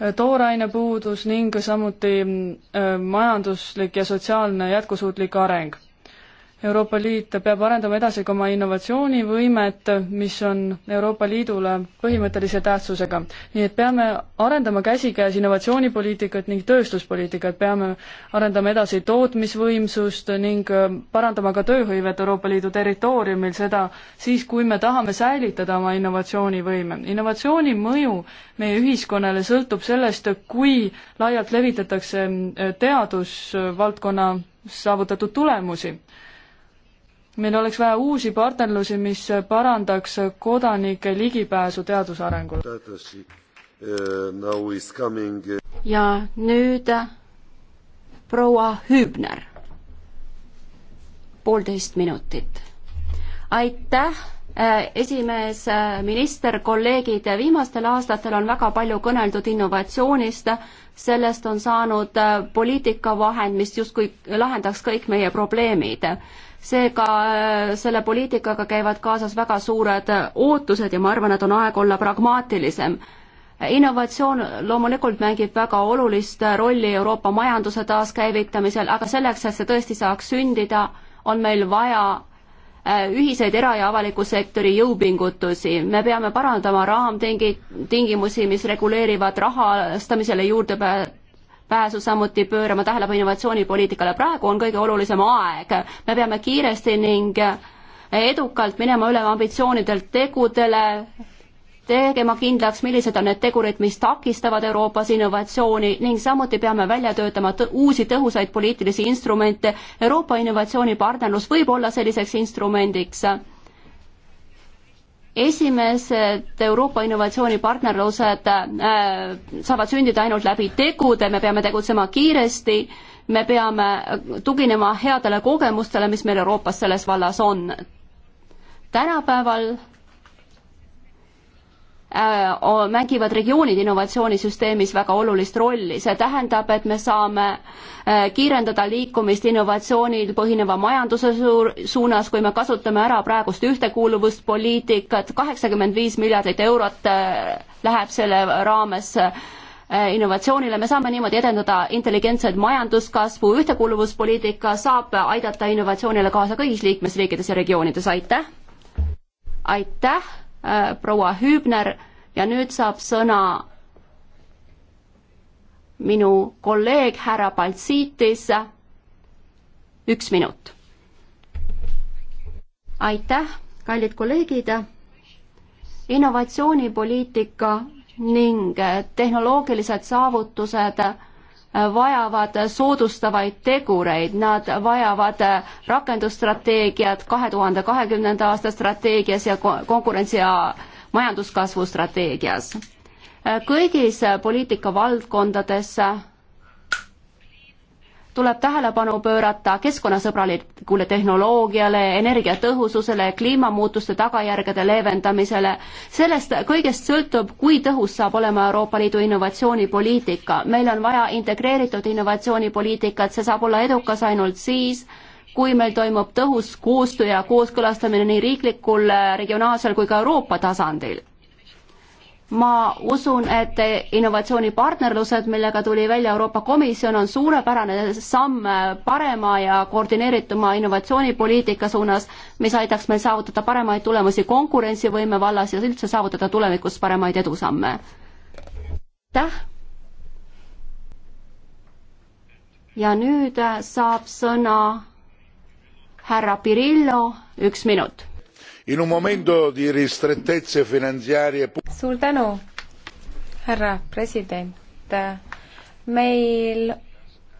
äh, toorainepuudus ning samuti äh, majanduslik ja sotsiaalne jätkusuutlik areng. Euroopa Liit peab arendama edasi ka oma innovatsioonivõimet, mis on Euroopa Liidule põhimõttelise tähtsusega. nii et peame arendama käsikäes innovatsioonipoliitikat ning tööstuspoliitikat, peame arendama edasi tootmisvõimsust ning äh, parandama ka tööhõivet Euroopa Liidu territooriumil, seda siis, kui me tahame säilitada oma innovatsioonivõime. innovatsiooni mõju meie ühiskonnale sõltub sellest, kui laialt levitatakse äh, teadusvaldkonna saavutatud tulemusi meil oleks vaja uusi partnerlusi, mis parandaks kodanike ligipääsu teaduse arengule. ja nüüd proua Hübner, poolteist minutit. aitäh, äh, esimees, äh, minister, kolleegid, viimastel aastatel on väga palju kõneldud innovatsioonist, sellest on saanud äh, poliitikavahend, mis justkui lahendaks kõik meie probleemid seega äh, selle poliitikaga käivad kaasas väga suured äh, ootused ja ma arvan, et on aeg olla pragmaatilisem. innovatsioon loomulikult mängib väga olulist äh, rolli Euroopa majanduse taaskäivitamisel, aga selleks, et see tõesti saaks sündida, on meil vaja ühiseid era- ja avaliku sektori jõupingutusi. me peame parandama raamtingi-, tingimusi, mis reguleerivad rahastamisele juurdepää-, pääsu, samuti pöörama tähelepanu innovatsioonipoliitikale. praegu on kõige olulisem aeg, me peame kiiresti ning edukalt minema üle ambitsioonidelt tegudele, tegema kindlaks, millised on need tegurid, mis takistavad Euroopas innovatsiooni ning samuti peame välja töötama uusi tõhusaid poliitilisi instrumente. Euroopa innovatsioonipartnerlus võib olla selliseks instrumendiks esimesed Euroopa innovatsioonipartnerlused äh, saavad sündida ainult läbi tegude, me peame tegutsema kiiresti, me peame tuginema headele kogemustele, mis meil Euroopas selles vallas on. tänapäeval Äh, mängivad regioonid innovatsioonisüsteemis väga olulist rolli. see tähendab, et me saame äh, kiirendada liikumist innovatsioonil põhineva majanduse suunas, kui me kasutame ära praegust ühtekuuluvuspoliitikat, kaheksakümmend viis miljardit eurot äh, läheb selle raames innovatsioonile, me saame niimoodi edendada intelligentset majanduskasvu, ühtekuuluvuspoliitika saab aidata innovatsioonile kaasa kõigis liikmesriikides ja regioonides, aitäh! aitäh! Äh, proua Hübner ja nüüd saab sõna minu kolleeg härra Baltsiitis. üks minut. aitäh, kallid kolleegid. innovatsioonipoliitika ning tehnoloogilised saavutused vajavad soodustavaid tegureid, nad vajavad rakendusstrateegiat kahe tuhande kahekümnenda aasta strateegias ja konkurentsi ja majanduskasvu strateegias. kõigis poliitikavaldkondades tuleb tähelepanu pöörata keskkonnasõbralikule tehnoloogiale, energiatõhususele, kliimamuutuste tagajärgede leevendamisele. sellest kõigest sõltub, kui tõhus saab olema Euroopa Liidu innovatsioonipoliitika. meil on vaja integreeritud innovatsioonipoliitikat, see saab olla edukas ainult siis, kui meil toimub tõhus koostöö ja kooskõlastamine nii riiklikul, regionaalsel kui ka Euroopa tasandil ma usun, et innovatsioonipartnerlused, millega tuli välja Euroopa Komisjon, on suurepärane samm parema ja koordineerituma innovatsioonipoliitika suunas, mis aitaks meil saavutada paremaid tulemusi konkurentsivõime vallas ja üldse saavutada tulevikus paremaid edusamme. aitäh! ja nüüd saab sõna härra Pirillo, üks minut in un momento di ristrettezze finanziarie. suur tänu härra president meil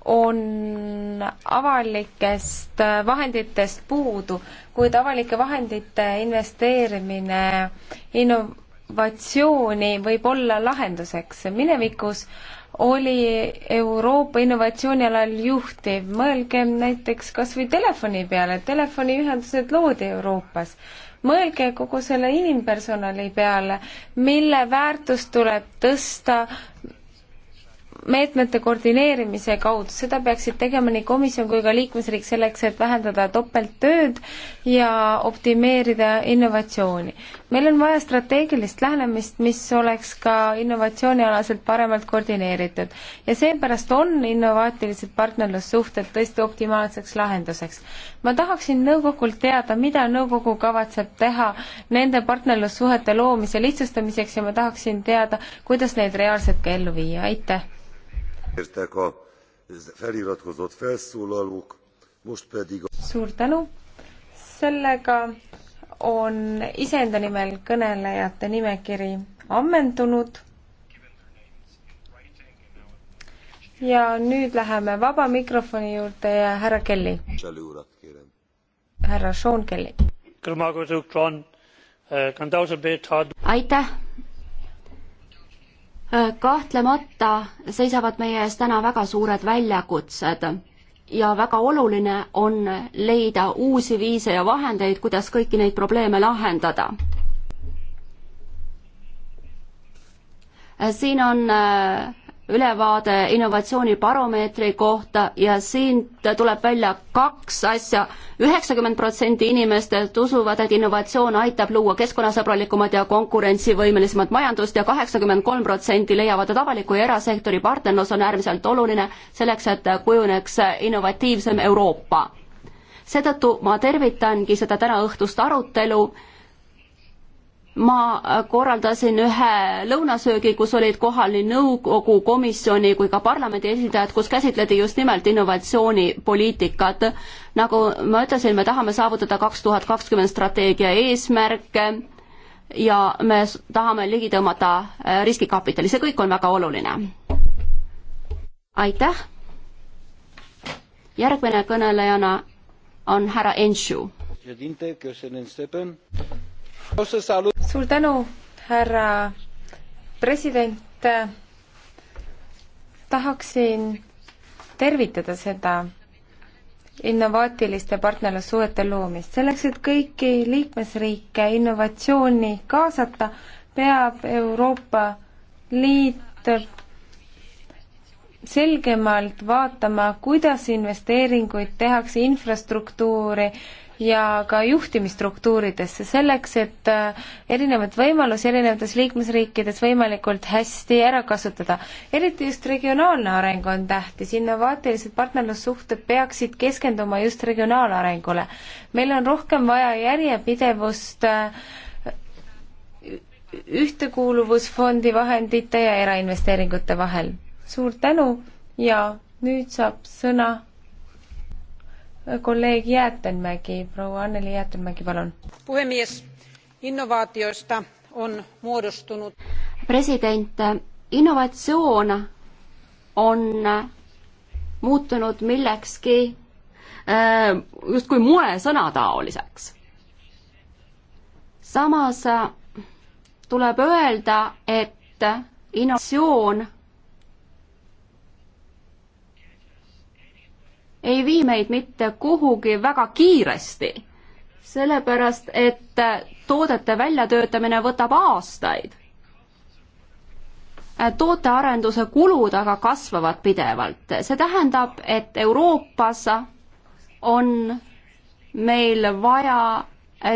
on avalikest vahenditest puudu kuid avalike vahendite investeerimine innovatsiooni võib olla lahenduseks minevikus oli Euroopa innovatsioonialal juhtiv, mõelgem näiteks kas või telefoni peale, telefoniühendused loodi Euroopas mõelge kogu selle inimpersonali peale, mille väärtust tuleb tõsta meetmete koordineerimise kaudu, seda peaksid tegema nii komisjon kui ka liikmesriik selleks, et vähendada topelttööd ja optimeerida innovatsiooni meil on vaja strateegilist lähenemist, mis oleks ka innovatsioonialaselt paremalt koordineeritud ja seepärast on innovaatilised partnerlussuhted tõesti optimaalseks lahenduseks. ma tahaksin nõukogult teada, mida nõukogu kavatseb teha nende partnerlussuhete loomise lihtsustamiseks ja ma tahaksin teada, kuidas neid reaalselt ka ellu viia, aitäh! suur tänu, sellega on iseenda nimel kõnelejate nimekiri ammendunud. ja nüüd läheme vaba mikrofoni juurde ja härra Kelly. härra Sean Kelly. aitäh kahtlemata seisavad meie ees täna väga suured väljakutsed ja väga oluline on leida uusi viise ja vahendeid, kuidas kõiki neid probleeme lahendada. siin on äh, ülevaade innovatsioonibaromeetri kohta ja siin tuleb välja kaks asja. üheksakümmend protsenti inimestest usuvad, et innovatsioon aitab luua keskkonnasõbralikumad ja konkurentsivõimelisemad majandust ja kaheksakümmend kolm protsenti leiavad, et avaliku ja erasektori partnerlus on äärmiselt oluline selleks, et kujuneks innovatiivsem Euroopa. seetõttu ma tervitangi seda tänaõhtust arutelu ma korraldasin ühe lõunasöögi, kus olid kohal nii nõukogu komisjoni kui ka parlamendi esindajad, kus käsitleti just nimelt innovatsioonipoliitikat. nagu ma ütlesin, me tahame saavutada kaks tuhat kakskümmend strateegia eesmärke ja me tahame ligi tõmmata äh, riskikapitali, see kõik on väga oluline. aitäh. järgmine kõnelejana on härra Enšu suur tänu, härra president. tahaksin tervitada seda innovaatiliste partnerlussuhete loomist. selleks, et kõiki liikmesriike innovatsiooni kaasata, peab Euroopa Liit selgemalt vaatama, kuidas investeeringuid tehakse infrastruktuuri, ja ka juhtimisstruktuuridesse, selleks et äh, erinevaid võimalusi erinevates liikmesriikides võimalikult hästi ära kasutada. eriti just regionaalne areng on tähtis, innovaatilised partnerlussuhted peaksid keskenduma just regionaalarengule. meil on rohkem vaja järjepidevust äh, ühtekuuluvusfondi vahendite ja erainvesteeringute vahel. suur tänu ja nüüd saab sõna kolleeg Jäätenmägi, proua Anneli Jäätenmägi, palun. puhemees, innovaatioista on muodostunud. president, innovatsioon on muutunud millekski äh, justkui moesõnataoliseks. samas tuleb öelda, et innovatsioon ei vii meid mitte kuhugi väga kiiresti, sellepärast et toodete väljatöötamine võtab aastaid. tootearenduse kulud aga kasvavad pidevalt, see tähendab, et Euroopas on meil vaja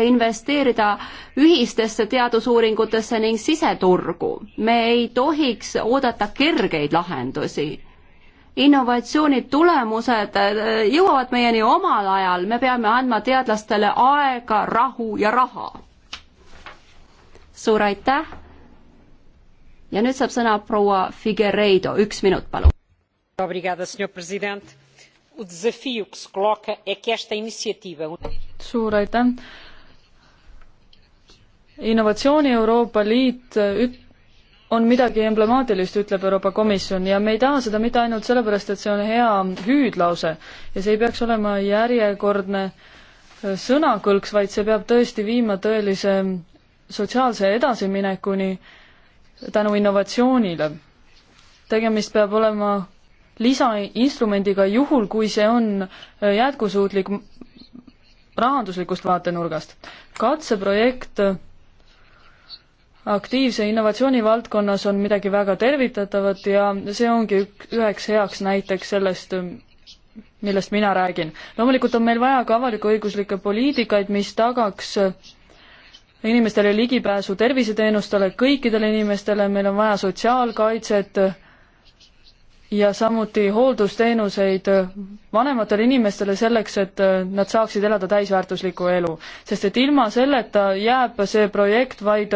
investeerida ühistesse teadusuuringutesse ning siseturgu. me ei tohiks oodata kergeid lahendusi innovatsiooni tulemused äh, jõuavad meieni omal ajal, me peame andma teadlastele aega, rahu ja raha. suur aitäh. ja nüüd saab sõna proua Figueiredo, üks minut, palun. Um suur aitäh. innovatsiooni Euroopa Liit üt-, on midagi emblemaatilist, ütleb Euroopa Komisjon ja me ei taha seda mitte ainult sellepärast, et see on hea hüüdlause ja see ei peaks olema järjekordne äh, sõnakõlks, vaid see peab tõesti viima tõelise sotsiaalse edasiminekuni tänu innovatsioonile. tegemist peab olema lisainstrumendiga juhul, kui see on äh, jätkusuutlik rahanduslikust vaatenurgast. katseprojekt äh, aktiivse innovatsiooni valdkonnas on midagi väga tervitatavat ja see ongi ük-, üheks heaks näiteks sellest, millest mina räägin. loomulikult on meil vaja ka avalik-õiguslikke poliitikaid, mis tagaks inimestele ligipääsu terviseteenustele, kõikidele inimestele, meil on vaja sotsiaalkaitset ja samuti hooldusteenuseid vanematele inimestele selleks, et nad saaksid elada täisväärtuslikku elu. sest et ilma selleta jääb see projekt vaid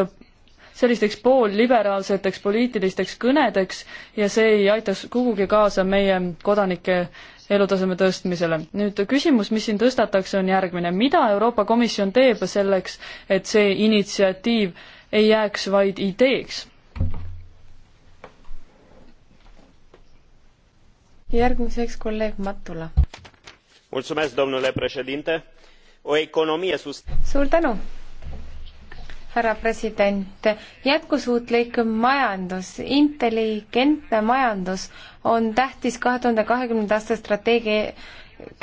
sellisteks poolliberaalseteks poliitilisteks kõnedeks ja see ei aitaks kuhugi kaasa meie kodanike elutaseme tõstmisele. nüüd küsimus, mis siin tõstatakse, on järgmine. mida Euroopa Komisjon teeb selleks, et see initsiatiiv ei jääks vaid ideeks? järgmiseks kolleeg Matula. suur tänu! härra president, jätkusuutlik majandus, intelligentne majandus on tähtis kahe tuhande kahekümnenda aasta strateegia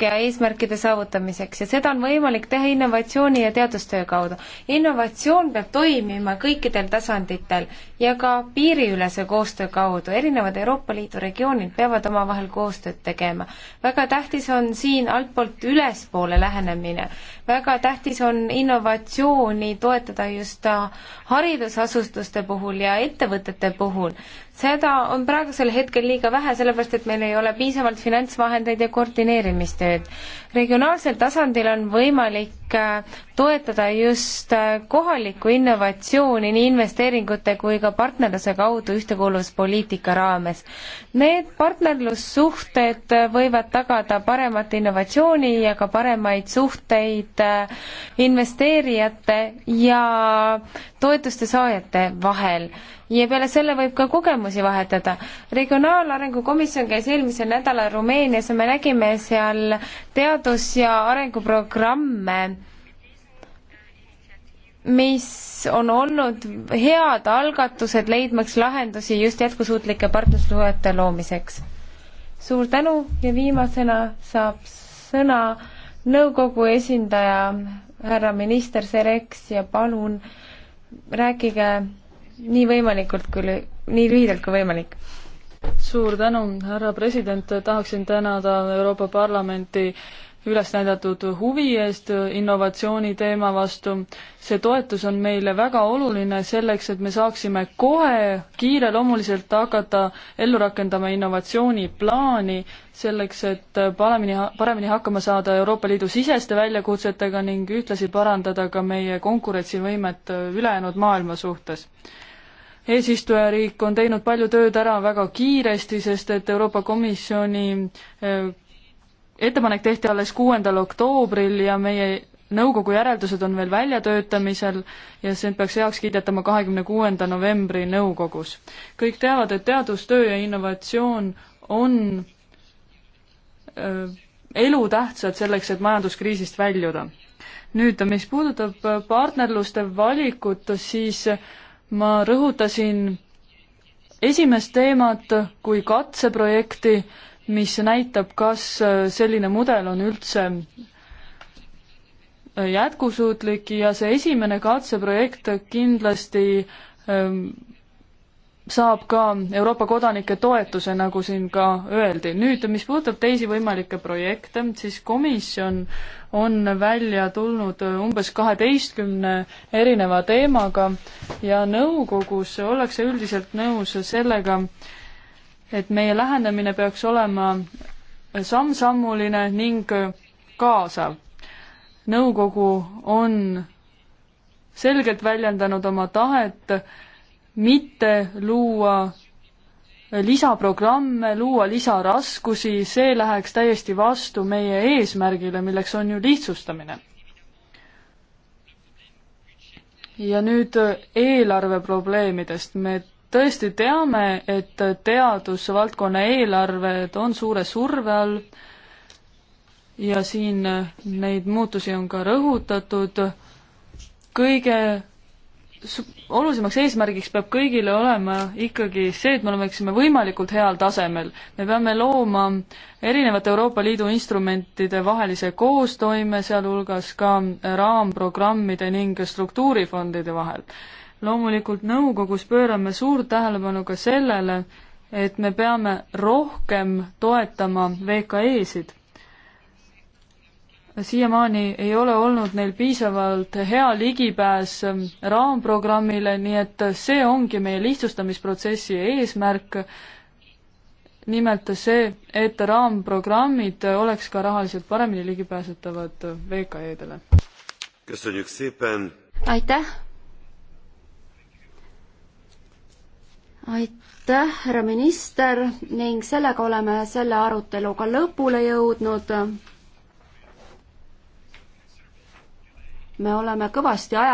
ja eesmärkide saavutamiseks ja seda on võimalik teha innovatsiooni ja teadustöö kaudu. innovatsioon peab toimima kõikidel tasanditel ja ka piiriülese koostöö kaudu. erinevad Euroopa Liidu regioonid peavad omavahel koostööd tegema. väga tähtis on siin altpoolt ülespoole lähenemine. väga tähtis on innovatsiooni toetada just haridusasutuste puhul ja ettevõtete puhul. seda on praegusel hetkel liiga vähe, sellepärast et meil ei ole piisavalt finantsvahendeid ja koordineerimistööd regionaalsel tasandil on võimalik äh, toetada just äh, kohalikku innovatsiooni nii investeeringute kui ka partnerluse kaudu ühtekuuluvuspoliitika raames. Need partnerlussuhted äh, võivad tagada paremat innovatsiooni ja ka paremaid suhteid investeerijate ja toetuste saajate vahel ja peale selle võib ka kogemusi vahetada. regionaalarengu komisjon käis eelmisel nädalal Rumeenias ja me nägime seal teadus- ja arenguprogramme, mis on olnud head algatused leidmaks lahendusi just jätkusuutlike partnerlussuhete loomiseks. suur tänu ja viimasena saab sõna nõukogu esindaja härra minister Sereks ja palun rääkige nii võimalikult kui, nii lühidalt kui võimalik suur tänu, härra president, tahaksin tänada Euroopa Parlamenti üles näidatud huvi eest innovatsiooni teema vastu. see toetus on meile väga oluline selleks, et me saaksime kohe kiireloomuliselt hakata ellu rakendama innovatsiooniplaani, selleks et paremini, paremini hakkama saada Euroopa Liidu siseste väljakutsetega ning ühtlasi parandada ka meie konkurentsivõimet ülejäänud maailma suhtes eesistujariik on teinud palju tööd ära väga kiiresti, sest et Euroopa Komisjoni eh, ettepanek tehti alles kuuendal oktoobril ja meie nõukogu järeldused on veel väljatöötamisel ja see peaks heaks kiidetama kahekümne kuuenda novembri nõukogus. kõik teavad, et teadustöö ja innovatsioon on eh, elutähtsad selleks, et majanduskriisist väljuda. nüüd, mis puudutab partnerluste valikut, siis ma rõhutasin esimest teemat kui katseprojekti, mis näitab, kas selline mudel on üldse jätkusuutlik ja see esimene katseprojekt kindlasti ähm, saab ka Euroopa kodanike toetuse, nagu siin ka öeldi. nüüd, mis puudutab teisi võimalikke projekte, siis komisjon on välja tulnud umbes kaheteistkümne erineva teemaga ja nõukogus ollakse üldiselt nõus sellega, et meie lähenemine peaks olema samm-sammuline ning kaasav. nõukogu on selgelt väljendanud oma tahet mitte luua lisaprogramme, luua lisaraskusi, see läheks täiesti vastu meie eesmärgile, milleks on ju lihtsustamine. ja nüüd eelarveprobleemidest, me tõesti teame, et teadusvaldkonna eelarved on suure surve all ja siin neid muutusi on ka rõhutatud, kõige olulisemaks eesmärgiks peab kõigile olema ikkagi see, et me oleksime võimalikult heal tasemel. me peame looma erinevate Euroopa Liidu instrumentide vahelise koostoime, sealhulgas ka raamprogrammide ning struktuurifondide vahel. loomulikult nõukogus pöörame suurt tähelepanu ka sellele, et me peame rohkem toetama VKE-sid siiamaani ei ole olnud neil piisavalt hea ligipääs ähm, raamprogrammile, nii et see ongi meie lihtsustamisprotsessi eesmärk, nimelt see, et raamprogrammid oleks ka rahaliselt paremini ligipääsetavad äh, VKE-dele. aitäh! aitäh, härra minister ning sellega oleme selle aruteluga lõpule jõudnud me oleme kõvasti aja